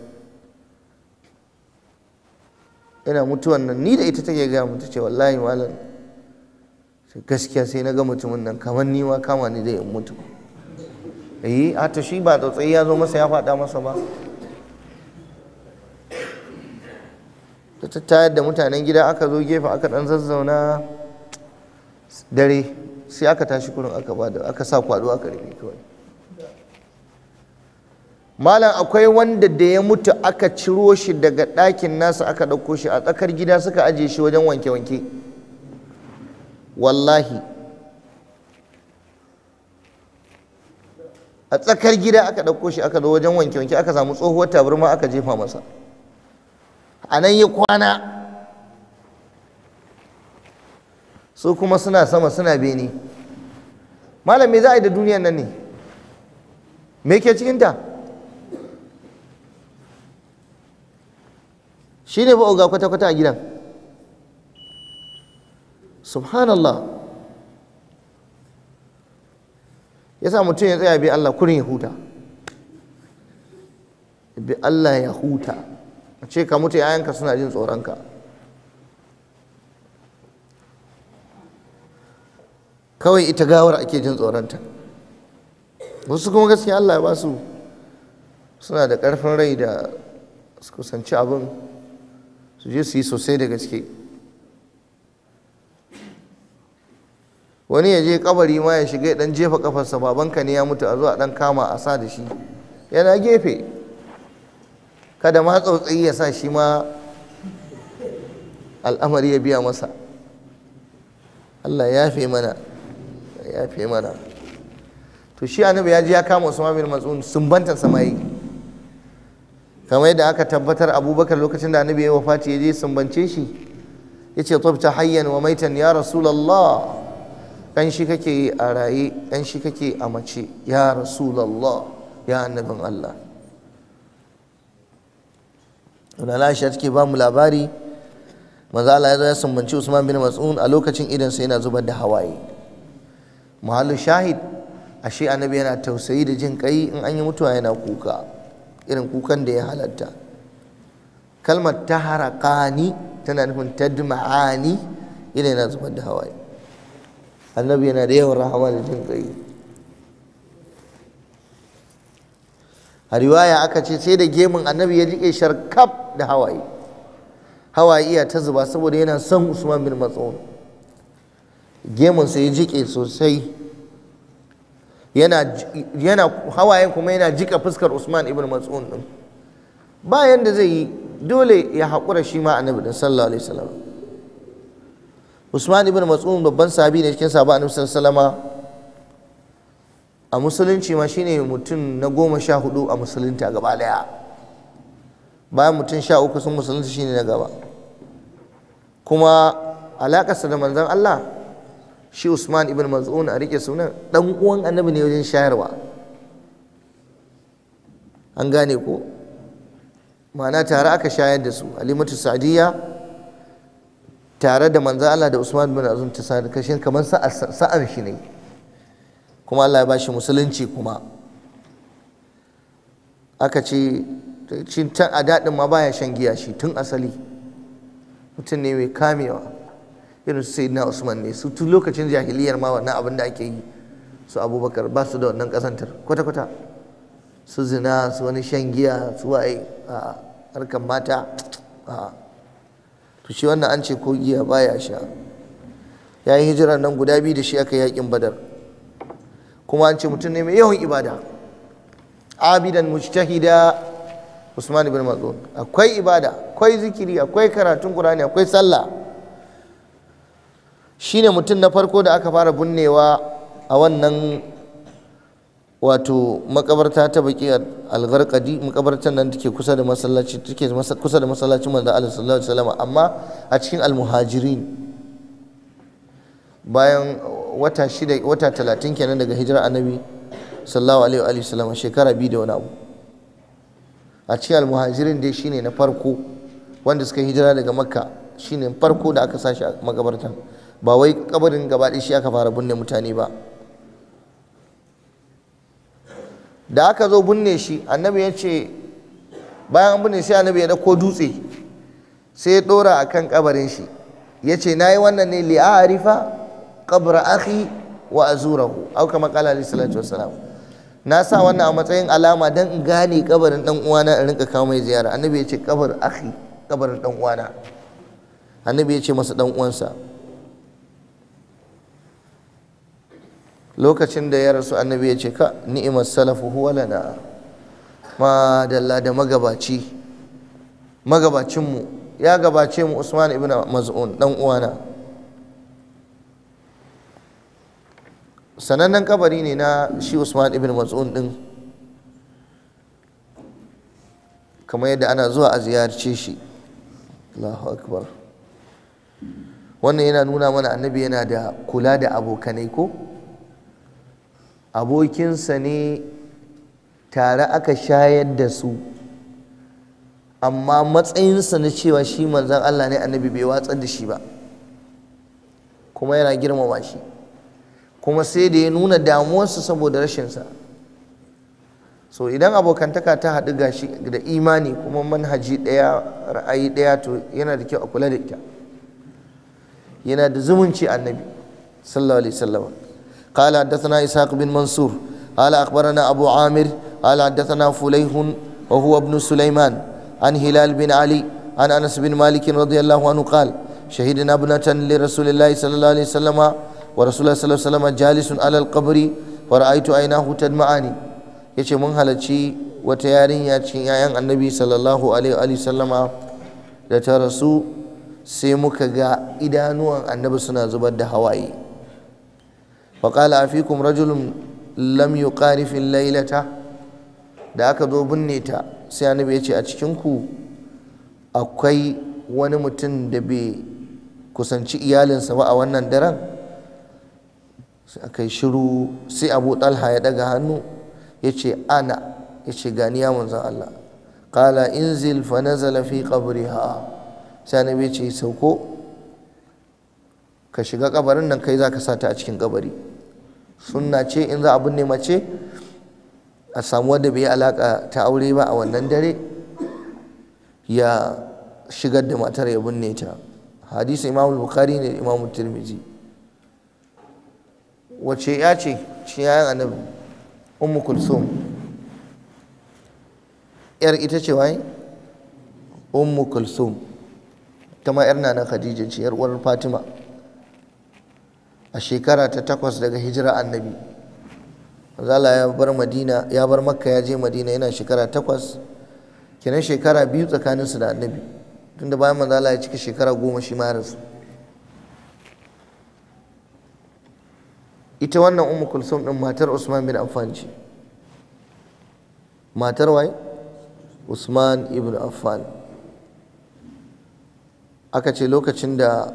yana mutuwan nan ni da ita take gaya mu ta ce wallahi malam gaskiya sai na ga mutumin nan kamar ni ma kama ni zai mutu eh a to shi ba tsotsai ya zo masa ya faɗa masa ba ta tattayar da mutanen gida aka zo gefe aka ɗan zazzauna dare sai aka tashi kurin aka bada aka sa kwado aka rufe kawai malam akwai wanda da ya mutu aka ciro shi daga ɗakin nasa aka ɗauko shi a tsakar gida suka ajiye shi wajen wanke-wanke wallahi a tsakar gida aka ɗauko shi aka zo wajen wanke-wanke aka samu tsohuwar tabarma aka jefa masa a nan ya kwana su kuma suna sama suna beni malam me za a yi da duniyan nan ne me ke cikinta shi ne ba'o ga kwata-kwata a gidan subhanallah ya sa mutum ya tsaya bi Allah kurin ya huta bi Allah ya huta a ce ka mutu yayanka suna jin tsoronka kawai ita gawar ake jin tsoronta wasu kuma gaskiya Allah ya basu suna da karfin rai da su kusanci abin su je su yi sosai da gaske wani ya je kabari ma ya shiga dan jefa kafarsa babanka ne ya mutu a zuwa dan kama a sa da shi yana gefe kada ma tsautsayi ya sa shi ma al'amari ya biya masa Allah ya fi mana ya fi mana to shi annabi ya ji ya kama Usman bin Mas'ud sumbantan samayi kamar yadda aka tabbatar Abubakar lokacin da annabi ya wafati ya je sumbance shi yace tabta hayyan wa maitan ya rasulullah ɗan shi kake yi a raye ɗan shi kake a mace ya lallah ya annabin Allah Nana Aisha take ba mu labari maza Allah ya sumbanci Usman bin Mas'un a lokacin idan sai yana zubar da hawaye muhallu shahid ashe annabi yana tausayi da jin kai in an yi mutuwa yana kuka irin kukan da ya halatta kalmar ta ni tana nufin tadma'ani idan yana zubar da hawaye annabi yana da yawan rahama da jin kai a riwaya aka ce sai da gemun annabi ya jike sharkaf da hawaye hawaye iya ta zuba saboda yana son usman bin matsun gemunsa ya jike sosai yana hawayen kuma yana jika fuskar usman ibn matsun Ba yadda zai yi dole ya haƙura shi ma annabi din sallallahu alaihi wasallam usman ibn mas'ud babban sahabi ne cikin annabi sallallahu a musulunci ma shine mutum na goma sha hudu a musulunta gaba daya bayan mutum sha uku sun musulunta shine na gaba kuma alakarsa da manzon Allah shi usman ibn mas'ud a rike sunan dan uwan annabi ne wajen shayarwa an gane ko ma'ana tare aka shayar da su halimatu sa'diyya tare da manzan Allah da Usman bin Azun ta sa'ar kashin kamar sa'ar shi ne kuma Allah ya ba shi musulunci kuma aka ce cin ta a daɗin ma baya shan giya shi tun asali mutum ne mai kamewa irin su sayyidina Usman ne su tun lokacin jahiliyar ma wannan abin da ake yi su Abubakar ba su da wannan kasantar kwata-kwata su zina su wani shan giya su waye a harkar mata a to shi wannan an ce ko giya baya sha ya yi hijira nan guda biyu da shi aka yakin badar kuma an ce mutum ne mai yawan ibada abidan mujtahida usman ibn mazun akwai ibada akwai zikiri akwai karatun qur'ani akwai sallah shine mutum na farko da aka fara bunnewa a wannan wato makabarta ta baki algarkadi makabartar nan take kusa da masallaci take kusa da masallaci manzo Allah sallallahu alaihi wasallam amma a cikin almuhajirin bayan wata shida wata talatin kenan daga hijirar annabi sallallahu alaihi wa sallam shekara biyu da wani abu a cikin almuhajirin dai shine na farko wanda suka hijira daga makka shine farko da aka sashi makabartan ba wai kabarin gaba shi aka fara binne mutane ba da aka zo binne shi annabi ya ce bayan an binne sai annabi ya dauko dutse sai ya dora a kan kabarin shi ya ce na yi wannan ne li'arifa kabra akhi wa azurahu au kama kala alaihi salatu wassalam na sa wannan a matsayin alama don in gane kabarin dan uwana in rinka kawo mai ziyara annabi ya ce kabar akhi kabarin dan uwana annabi ya ce masa dan uwansa lokacin da ya rasu annabi ya ce ka ni'imar salafu huwa lana ma dalla da magabaci magabacinmu ya gabace mu usman ibn maz'un dan uwana sanannen kabari ne na shi usman ibn maz'un din kamar yadda ana zuwa a ziyarce shi Allahu akbar wannan yana nuna mana annabi yana da kula da abokanai ko abokinsa ne tare aka shayar da su amma matsayinsa na cewa shi manzan Allah ne annabi bai watsar da shi ba kuma yana girmama shi kuma sai da ya nuna damuwarsa saboda rashinsa so idan abokantaka ta haɗu gashi da imani kuma manhaji ɗaya ra'ayi ɗaya to yana da kyau a kula da ita yana da zumunci annabi sallallahu alaihi wasallam قال حدثنا إسحاق بن منصور قال أخبرنا أبو عامر قال حدثنا فليح وهو ابن سليمان عن هلال بن علي عن أنس بن مالك رضي الله عنه قال شهدنا ابنة لرسول الله صلى الله عليه وسلم ورسول الله صلى الله عليه وسلم جالس على القبر ورأيت عيناه تدمعان yace mun halarci wata yarinya cikin 'ya'yan annabi sallallahu alaihi sallama da ta rasu sai muka ga idanuwan annabi suna zubar da hawaye waƙala a fikun rajulun lamyo ƙarifin lailata da aka zo binne ta sai annabi ya ce a cikinku akwai wani mutum da bai kusanci iyalinsa ba a wannan daren sai aka shiru sai abu talha ya daga hannu ya ce ana ya ce gani ya manzan Allah ƙala inzil fa nazala fi qabriha sai annabi ya ce sauko ka shiga kabarin nan kai zaka sa ta a cikin kabari sunna ce in za a binne mace a samu wadda bai alaka ta aure ba a wannan dare ya shigar da matar ya binne ta hadisi imam bukhari ne imam tirmizi wace ya ce shi yayan annabi ummu kulsum yar ita ce waye ummu kulsum ta ma yar nana khadija ce yar uwar fatima a shekara ta takwas daga hijira annabi zala ya bar madina ya bar makka ya je madina yana shekara takwas kenan shekara biyu tsakaninsu da annabi tunda bayan manzala ya cika shekara goma shi ma rasu ita wannan umu kulsum din matar usman bin affan ce matar wai? usman ibn affan aka ce lokacin da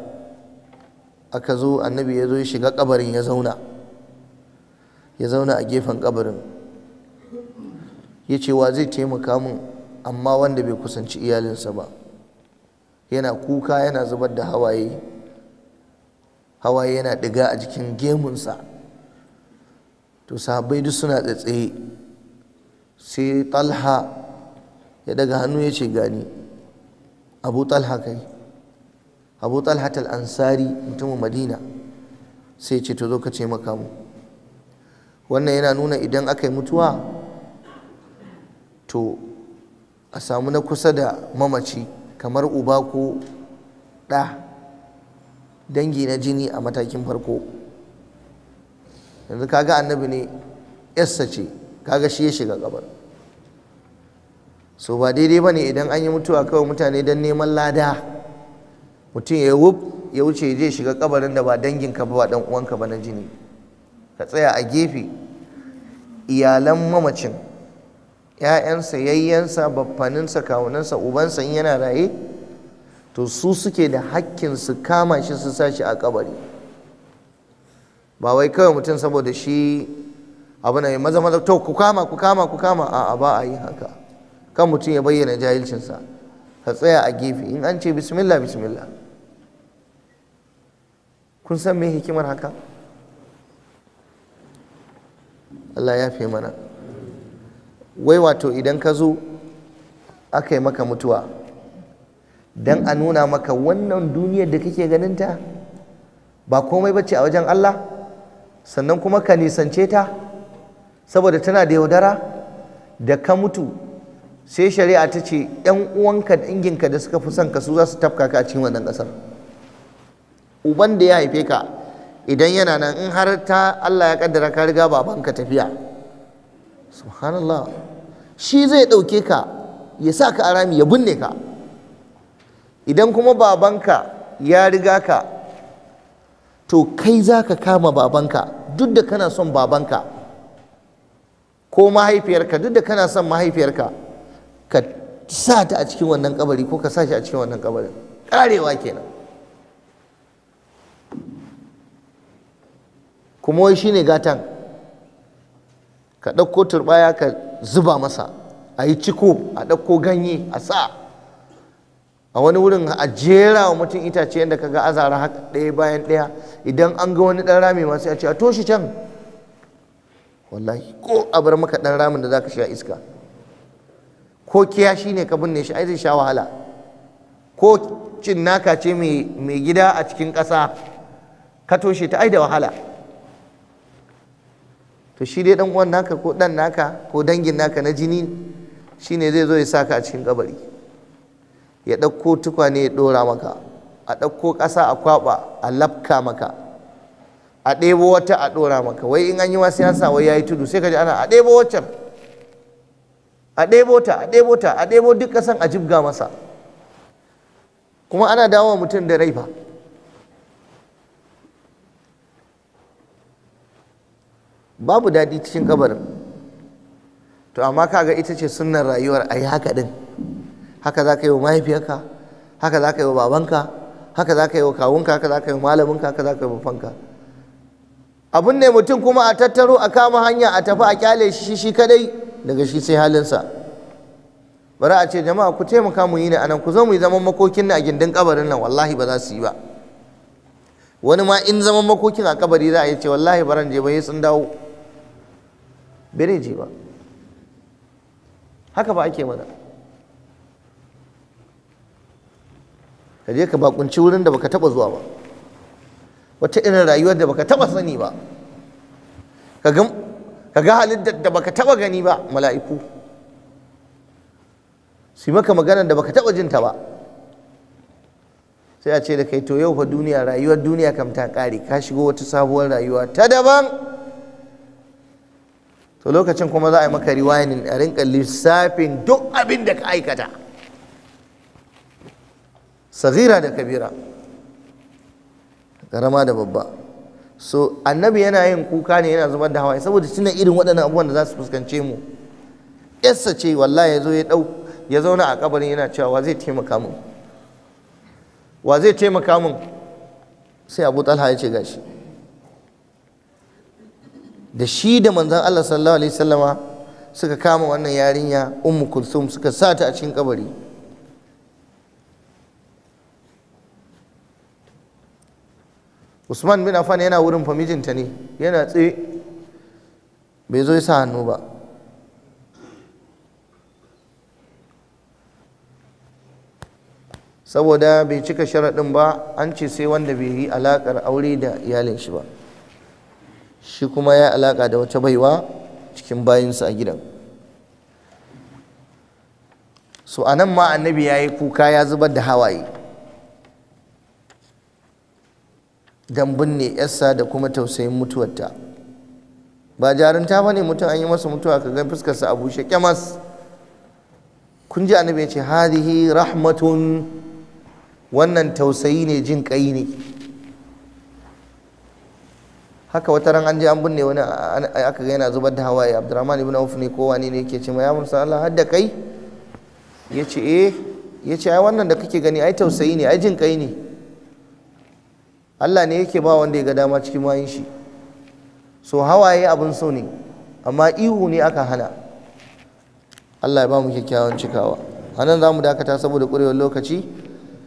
aka zo annabi ya zo ya shiga kabarin ya zauna ya zauna a gefen kabarin ya ce wa zai taimaka mun amma wanda bai kusanci iyalinsa ba yana kuka yana zubar da hawaye hawaye yana ɗiga a jikin gemunsa to sahabbai duk suna tsatsaye sai talha ya daga hannu ya ce gani abu talha kai abu talhat ansari mutumin madina sai ce to zo ka ce maka mu wannan yana nuna idan aka yi mutuwa to a samu na kusa da mamaci kamar uba ko ɗa dangi na jini a matakin farko yanzu kaga annabi ne yassa ce kaga shi ya shiga gabar so ba daidai ba ne idan an yi mutuwa kawai mutane don neman lada mutum ya wuf ya wuce zai shiga kabarin da ba dangin ba ba dan uwanka ba na jini ka tsaya a gefe iyalan mamacin ‘ya'yansa yayyansa baffaninsa kawunansa ubansa in yana raye to su suke da hakkin su kama shi su sa shi a kabari ba wai kawai mutum saboda shi abu na maza maza to ku kama ku kama ku kama a ba a yi haka kan mutum ya bayyana jahilcinsa ka tsaya a gefe in an ce bismillah bismillah kun san me hikimar haka Allah ya fi mana wai wato idan ka zo aka yi maka mutuwa don a nuna maka wannan duniyar da kake ganinta ba komai bace a wajen Allah sannan kuma ka nisance ta saboda tana da yaudara da ka mutu sai shari'a ta ce 'yan uwanka da inginka da suka fi son ka su za su tafka ka a cikin wannan ƙasar uban da ya haife ka idan yana nan in har ta Allah ya kaddara ka riga babanka tafiya subhanallah shi zai ɗauke ka ya sa ka arami ya binne ka idan kuma babanka ya riga ka to kai za ka kama babanka duk da kana son babanka ko mahaifiyarka duk da kana son mahaifiyarka ka sa ta a cikin wannan kabari ko ka sa shi a cikin wannan kabarin karewa kenan kuma wai shine gatan ka ɗauko turɓaya ka zuba masa a yi ciko a ɗauko ganye a sa a wani wurin a jera wa mutum itace yadda ka ga azara haka ɗaya bayan ɗaya idan an ga wani ɗan rami masu yace a toshi can wallahi ko a bar maka ɗan ramin da za ka sha iska ko kiya shi ne ka binne shi ai zai sha wahala ko cin naka ce mai gida a cikin ƙasa ka toshe ta ai da wahala to shi dai dan uwan naka ko dan naka ko dangin naka na jini shine zai zo ya saka a cikin kabari ya ɗauko tukwane ya ɗora maka a ɗauko ƙasa a kwaɓa a lafka maka a ɗebo wata a ɗora maka wai in an yi wasu yasa wai ya yi tudu sai ka ji ana a ɗebo waccan a ɗebo ta a ɗebo ta a ɗebo duk ƙasan a jibga masa kuma ana dawo mutum da rai ba. babu daɗi cikin kabarin to amma kaga ita ce sunnar rayuwar a yi haka ɗin haka za ka yi wa mahaifiyarka haka za ka yi wa babanka haka za ka yi wa kawunka haka za ka yi wa malaminka haka za ka yi wa fanka abin ne mutum kuma a tattaro a kama hanya a tafi a kyale shi shi kadai daga shi sai halinsa bari a ce jama'a ku taimaka mu yi ne anan ku zo mu yi zaman makokin a gindin kabarin nan wallahi ba za su yi ba wani ma in zaman makokin a kabari za a yi ce wallahi baran je ba sun dawo bai ji ba haka ba ake mana ka je ka bakunci wurin da baka taba zuwa ba wata irin rayuwar da baka taba sani ba ka ga halin da baka taba gani ba mala'iku su maka maganar da baka taba jinta ba sai a ce da kai to yau fa duniya rayuwar duniya kam ta kare ka shigo wata sabuwar rayuwa ta daban to lokacin kuma za a yi maka riwayanin a rinka lissafin duk abin da ka aikata sagira da kabira ƙarama da babba so annabi yana yin kuka ne yana zubar da hawaye saboda tuna irin waɗannan abubuwan da za su fuskance mu yasa ce wallahi ya zo ya zauna a kabarin yana cewa wa zai taimaka min sai abu talha ya ce gashi da shi da Manzan Allah sallallahu alaihi sallama suka kama wannan yarinya ummu kulsum suka sa ta a cikin kabari Usman bin Affan yana wurin famijinta ne yana tsaye bai zo isa hannu ba saboda bai cika sharaɗin ba an ce sai wanda bai yi alaƙar aure da iyalin shi ba shi kuma ya alaka da wata baiwa cikin bayinsa a gidan so a nan ma annabi ya yi kuka ya zubar da hawaye don binne 'yasa da kuma tausayin mutuwarta ba jarunta ba ne mutum an yi masa mutuwa ka ga fuskarsa a bushe kyamas kun ji annabi ya ce hadihi rahmatun wannan tausayi ne jin kai ne haka wata ran an je an binne wani aka ga yana zubar da hawaye abdurrahman ibn auf ne ko wani ne yake ce ya musa Allah har da kai yace eh yace ai wannan da kake gani ai tausayi ne ai jin kai ne Allah ne yake ba wanda ya ga dama cikin mayin shi so hawaye abin so ne amma ihu ne aka hana Allah ya ba mu kyakkyawan cikawa anan zamu dakata saboda kurewar lokaci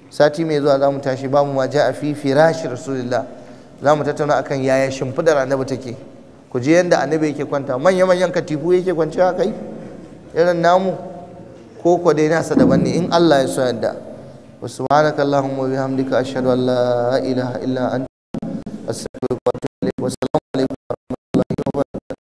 sati mai zuwa zamu tashi ba mu ma ja'a fi firashi rasulullah za mu tattauna akan yaya shimfidar annabi take ku ji yadda annabi yake kwanta manya manyan katifu yake kwanciya kai irin namu ko ko dai nasa daban ne in Allah ya so yadda wa subhanaka allahumma wa bihamdika ashhadu an la ilaha illa anta astaghfiruka wa atubu ilayk